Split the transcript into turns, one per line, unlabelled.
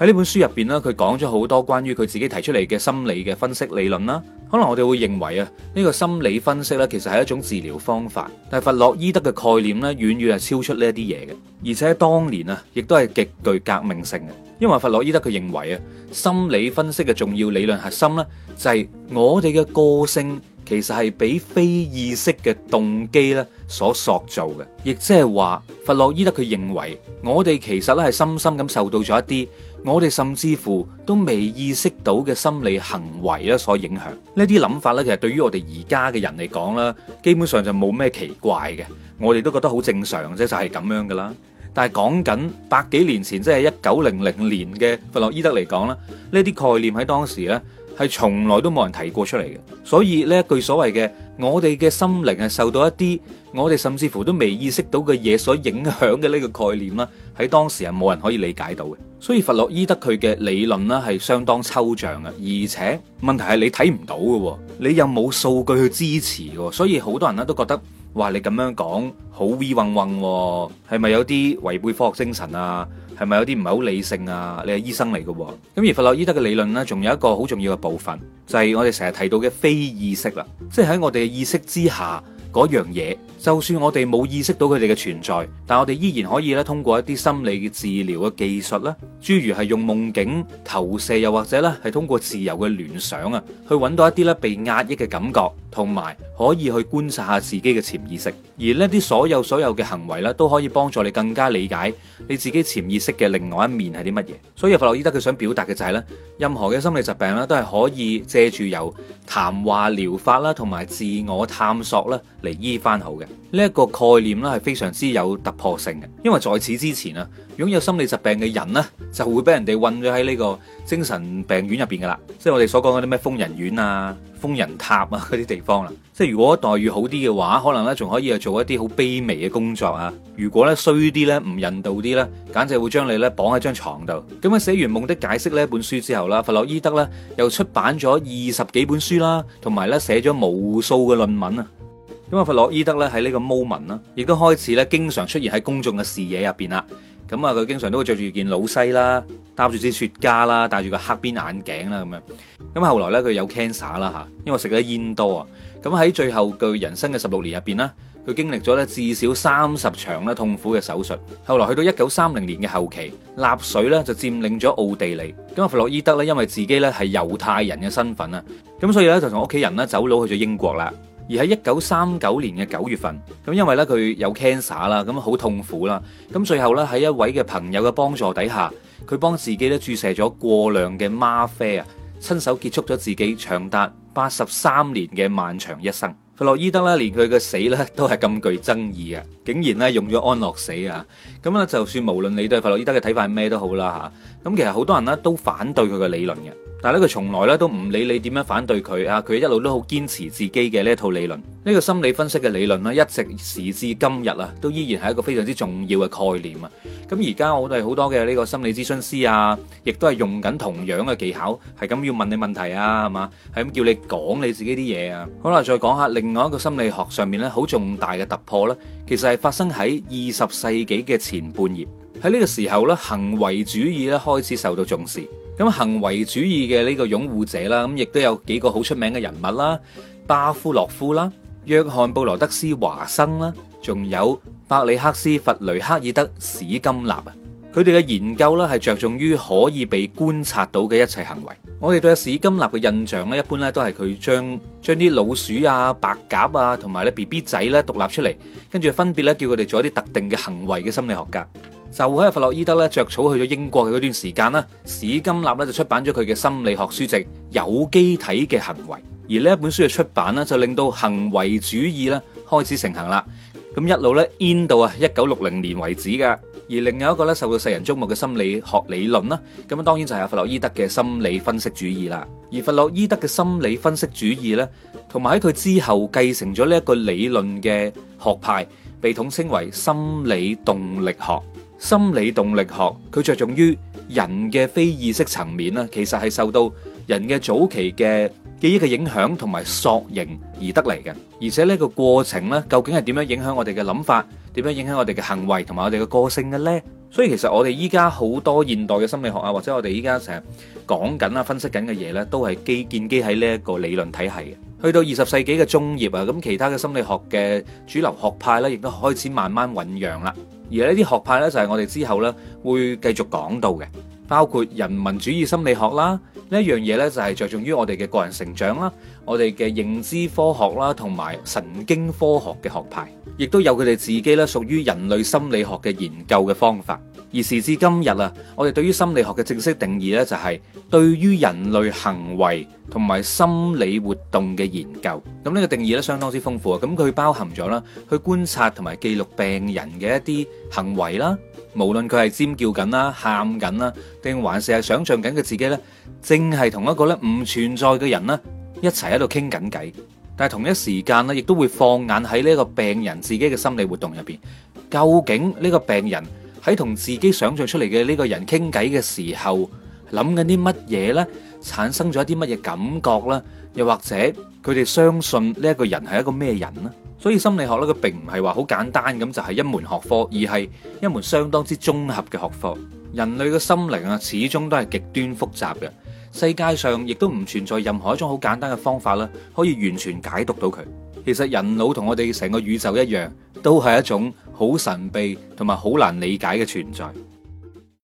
喺呢本書入邊呢，佢講咗好多關於佢自己提出嚟嘅心理嘅分析理論啦。可能我哋會認為啊，呢個心理分析呢，其實係一種治療方法。但係弗洛伊德嘅概念呢，遠遠係超出呢一啲嘢嘅。而且當年啊，亦都係極具革命性嘅。因為弗洛伊德佢認為啊，心理分析嘅重要理論核心呢，就係我哋嘅個性其實係俾非意識嘅動機呢所塑造嘅。亦即係話，弗洛伊德佢認為我哋其實呢，係深深咁受到咗一啲。我哋甚至乎都未意識到嘅心理行為咧，所影響。呢啲諗法咧，其實對於我哋而家嘅人嚟講咧，基本上就冇咩奇怪嘅，我哋都覺得好正常啫，就係咁樣噶啦。但係講緊百幾年前，即係一九零零年嘅弗洛伊德嚟講，呢啲概念喺當時咧。係從來都冇人提過出嚟嘅，所以呢一句所謂嘅我哋嘅心靈係受到一啲我哋甚至乎都未意識到嘅嘢所影響嘅呢個概念啦，喺當時係冇人可以理解到嘅。所以佛洛依德佢嘅理論啦係相當抽象嘅。而且問題係你睇唔到嘅，你又冇數據去支持嘅，所以好多人咧都覺得哇，你咁樣講。好 we 揾揾喎，係咪有啲違背科學精神啊？係咪有啲唔係好理性啊？你係醫生嚟嘅喎，咁而弗洛伊德嘅理論呢，仲有一個好重要嘅部分，就係我哋成日提到嘅非意識啦，即係喺我哋嘅意識之下嗰樣嘢。就算我哋冇意識到佢哋嘅存在，但我哋依然可以咧通過一啲心理嘅治療嘅技術咧，諸如係用夢境投射又或者咧係通過自由嘅聯想啊，去揾到一啲咧被壓抑嘅感覺，同埋可以去觀察下自己嘅潛意識。而呢啲所有所有嘅行為咧，都可以幫助你更加理解你自己潛意識嘅另外一面係啲乜嘢。所以弗洛伊德佢想表達嘅就係咧，任何嘅心理疾病咧都係可以借住由談話療法啦，同埋自我探索咧嚟醫翻好嘅。呢一個概念咧係非常之有突破性嘅，因為在此之前啊，擁有心理疾病嘅人咧就會俾人哋韞咗喺呢個精神病院入邊噶啦，即係我哋所講嗰啲咩瘋人院啊、瘋人塔啊嗰啲地方啦。即係如果待遇好啲嘅話，可能咧仲可以做一啲好卑微嘅工作啊。如果咧衰啲呢，唔人道啲呢，簡直會將你呢綁喺張床度。咁喺寫完《夢的解釋》呢本書之後啦，佛洛依德呢又出版咗二十幾本書啦，同埋呢寫咗無數嘅論文啊。咁阿弗洛伊德咧喺呢個 moment 啦，亦都開始咧經常出現喺公眾嘅視野入邊啦。咁啊，佢經常都會着住件老西啦，搭住支雪茄啦，戴住個黑邊眼鏡啦咁樣。咁後來咧，佢有 cancer 啦嚇，因為食咗煙多啊。咁喺最後佢人生嘅十六年入邊咧，佢經歷咗咧至少三十場咧痛苦嘅手術。後來去到一九三零年嘅後期，納粹咧就佔領咗奧地利。咁阿弗洛伊德咧因為自己咧係猶太人嘅身份啊，咁所以咧就同屋企人咧走佬去咗英國啦。而喺一九三九年嘅九月份，咁因為咧佢有 cancer 啦，咁好痛苦啦，咁最後咧喺一位嘅朋友嘅幫助底下，佢幫自己咧注射咗過量嘅嗎啡啊，親手結束咗自己長達八十三年嘅漫長一生。弗洛伊德咧，連佢嘅死咧都係咁具爭議啊，竟然咧用咗安樂死啊！咁咧就算無論你對弗洛伊德嘅睇法係咩都好啦嚇，咁其實好多人呢都反對佢嘅理論嘅。但係咧，佢從來咧都唔理你點樣反對佢啊！佢一路都好堅持自己嘅呢一套理論。呢個心理分析嘅理論咧，一直時至今日啊，都依然係一個非常之重要嘅概念啊！咁而家我哋好多嘅呢個心理諮詢師啊，亦都係用緊同樣嘅技巧，係咁要問你問題啊，係嘛，係咁叫你講你自己啲嘢啊！好啦，再講下另外一個心理學上面咧好重大嘅突破咧，其實係發生喺二十世紀嘅前半葉。喺呢個時候咧，行為主義咧開始受到重視。咁行為主義嘅呢個擁護者啦，咁亦都有幾個好出名嘅人物啦，巴夫洛夫啦、約翰布羅德斯華生啦，仲有伯里克斯弗雷克爾德史金納啊，佢哋嘅研究咧係着重於可以被觀察到嘅一切行為。我哋對史金納嘅印象咧，一般咧都係佢將將啲老鼠啊、白鴿啊，同埋咧 BB 仔咧獨立出嚟，跟住分別咧叫佢哋做一啲特定嘅行為嘅心理學家。就喺阿弗洛伊德咧，著草去咗英國嘅嗰段時間啦，史金納咧就出版咗佢嘅心理學書籍《有機體嘅行為》，而呢一本書嘅出版咧，就令到行為主義咧開始盛行啦。咁一路咧，in 到啊一九六零年為止噶。而另外一個咧，受到世人矚目嘅心理學理論啦，咁啊當然就係阿弗洛伊德嘅心理分析主義啦。而弗洛伊德嘅心理分析主義咧，同埋喺佢之後繼承咗呢一個理論嘅學派，被統稱為心理動力學。心理動力學佢着重於人嘅非意識層面啦，其實係受到人嘅早期嘅記憶嘅影響同埋塑形，而得嚟嘅。而且呢個過程咧，究竟係點樣影響我哋嘅諗法？點樣影響我哋嘅行為同埋我哋嘅個性嘅呢？所以其實我哋依家好多現代嘅心理學啊，或者我哋依家成日講緊啦、分析緊嘅嘢咧，都係基建基喺呢一個理論體系嘅。去到二十世紀嘅中葉啊，咁其他嘅心理學嘅主流學派咧，亦都開始慢慢醞釀啦。而呢啲學派呢，就係我哋之後呢會繼續講到嘅，包括人文主義心理學啦，呢一樣嘢呢，就係着重於我哋嘅個人成長啦，我哋嘅認知科學啦，同埋神經科學嘅學派，亦都有佢哋自己呢屬於人類心理學嘅研究嘅方法。而時至今日啊，我哋對於心理學嘅正式定義咧，就係對於人類行為同埋心理活動嘅研究。咁呢個定義咧，相當之豐富啊。咁佢包含咗啦，去觀察同埋記錄病人嘅一啲行為啦，無論佢係尖叫緊啦、喊緊啦，定還是係想象緊佢自己咧，淨係同一個咧唔存在嘅人啦一齊喺度傾緊偈。但係同一時間咧，亦都會放眼喺呢個病人自己嘅心理活動入邊，究竟呢個病人喺同自己想象出嚟嘅呢個人傾偈嘅時候，諗緊啲乜嘢呢？產生咗啲乜嘢感覺呢？又或者佢哋相信呢一個人係一個咩人呢？所以心理學咧，佢並唔係話好簡單咁就係一門學科，而係一門相當之綜合嘅學科。人類嘅心靈啊，始終都係極端複雜嘅。世界上亦都唔存在任何一種好簡單嘅方法咧，可以完全解讀到佢。其實人腦同我哋成個宇宙一樣。都係一種好神秘同埋好難理解嘅存在。